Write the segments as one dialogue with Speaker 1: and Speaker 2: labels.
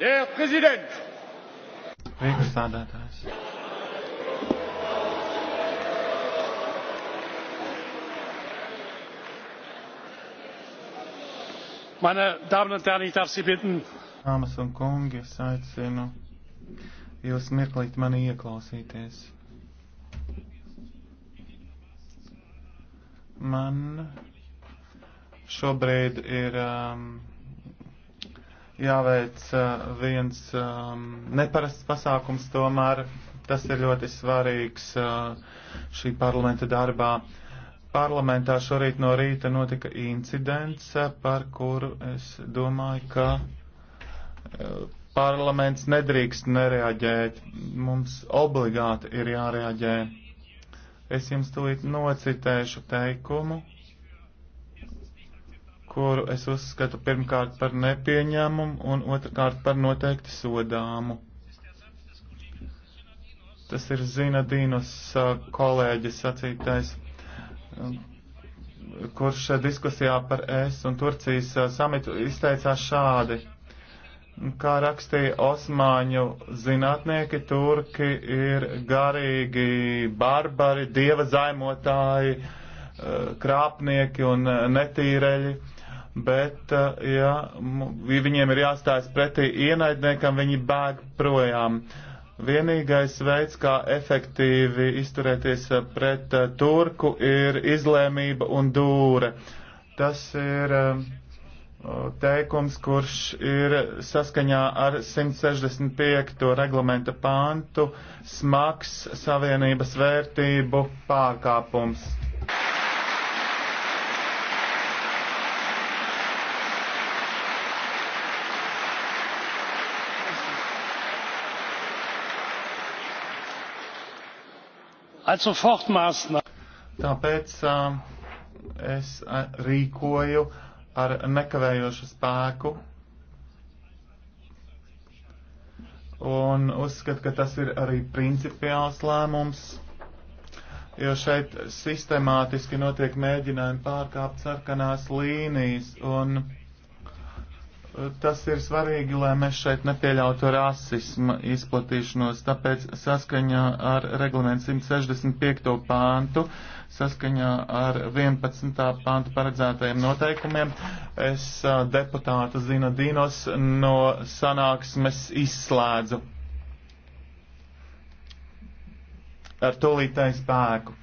Speaker 1: Der Präsident! Priekšstādātājs. Meine Damen und Herren, ich darf Sie bitten. Dāmas un kungi, es aicinu jūs mirklīt mani ieklausīties. Man šobrīd ir um, jāveic viens neparasts pasākums, tomēr tas ir ļoti svarīgs šī parlamenta darbā. Parlamentā šorīt no rīta notika incidents, par kuru es domāju, ka parlaments nedrīkst nereaģēt. Mums obligāti ir jārēģē. Es jums tūlīt nocitēšu teikumu, kuru es uzskatu pirmkārt par nepieņēmumu un otrkārt par noteikti sodāmu. Tas ir Zina Dīnas uh, kolēģis sacītais, um, kurš uh, diskusijā par es un Turcijas uh, samitu izteicās šādi. Kā rakstīja osmāņu zinātnieki, turki ir garīgi barbari, dieva zaimotāji, krāpnieki un netīreļi bet eh, ja viņiem ir jāstājas pretī ienaidniekam, viņi bēg projām. Vienīgais veids, kā efektīvi izturēties eh, pret eh, turku, ir izlēmība un dūre. Tas ir teikums, kurš ir saskaņā ar 165. reglamenta pāntu smags savienības vērtību pārkāpums. als Sofortmaßnahme. Tāpēc uh, es uh, rīkoju ar nekavējošu spēku un uzskatu, ka tas ir arī principiāls lēmums, jo šeit sistemātiski notiek mēģinājumi pārkāpt sarkanās līnijas un Tas ir svarīgi, lai mēs šeit nepieļautu rasisma izplatīšanos, tāpēc saskaņā ar reglamentu 165. pāntu, saskaņā ar 11. pāntu paredzētajiem noteikumiem, es deputātu Zina Dīnos no sanāksmes izslēdzu ar tūlītēju spēku.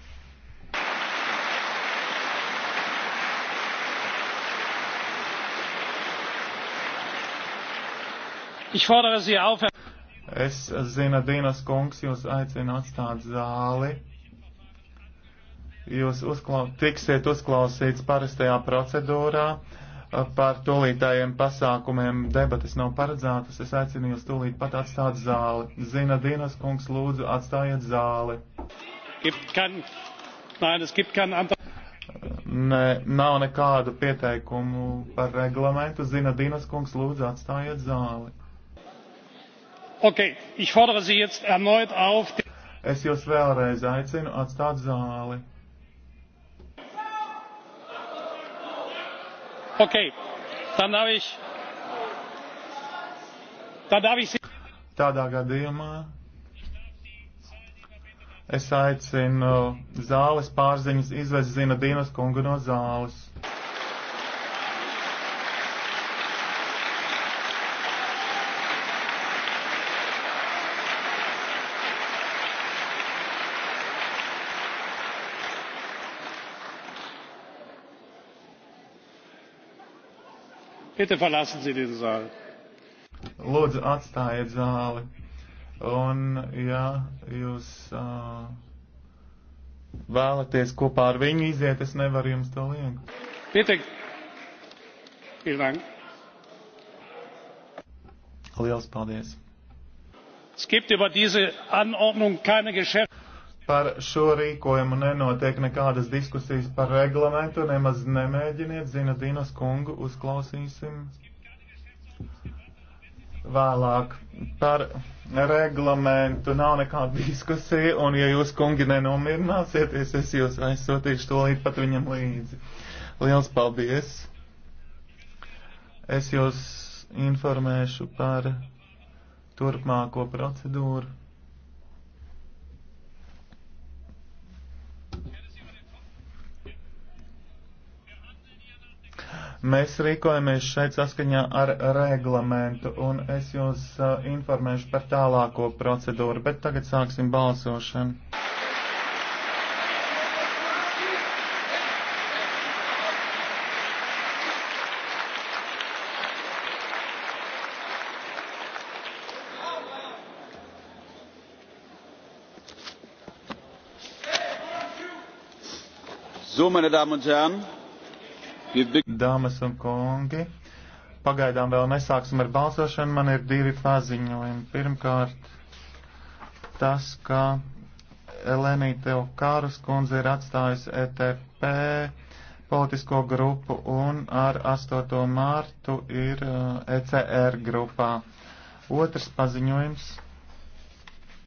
Speaker 1: Es zinu, Dīnas kungs, jūs aicinu atstāt zāli. Jūs uzklau, tiksiet uzklausīts parastajā procedūrā par tūlītējiem pasākumiem. Debates nav paredzētas. Es aicinu jūs tūlīt pat atstāt zāli. Zina Dīnas kungs, lūdzu, atstājiet zāli. Nē, nav nekādu pieteikumu par reglamentu. Zina Dīnas kungs, lūdzu, atstājiet zāli. Okay, ich fordere Sie jetzt erneut auf. Es jūs vēlreiz aicinu atstāt zāli. Okay, dann darf ich, dann darf ich Sie. Tādā gadījumā es aicinu zāles pārziņas izvest Zina Dienas kungu no zāles. Bitte verlassen Sie den Saal. Lūdzu, atstājiet zāli. Un, ja jūs uh, vēlaties kopā ar viņu iziet, es nevaru jums to liekt. Bitte. Vielen Dank. Liels paldies. Es gibt über diese Anordnung keine Geschäfte par šo rīkojumu nenotiek nekādas diskusijas par reglamentu, nemaz nemēģiniet, zina Dīnas kungu, uzklausīsim vēlāk par reglamentu. Nav nekāda diskusija, un ja jūs, kungi, nenomierināsieties, es jūs aizsūtīšu to līdz pat viņam līdzi. Liels paldies! Es jūs informēšu par turpmāko procedūru. Mēs rīkojamies šeit saskaņā ar reglamentu, un es jūs uh, informēšu par tālāko procedūru, bet tagad sāksim balsošanu. So, meine Damen und Herren, Dāmas un kungi, pagaidām vēl nesāksim ar balsošanu, man ir divi paziņojumi. Pirmkārt, tas, ka Elenija Teokāras kundze ir atstājusi ETP politisko grupu un ar 8. mārtu ir uh, ECR grupā. Otrs paziņojums.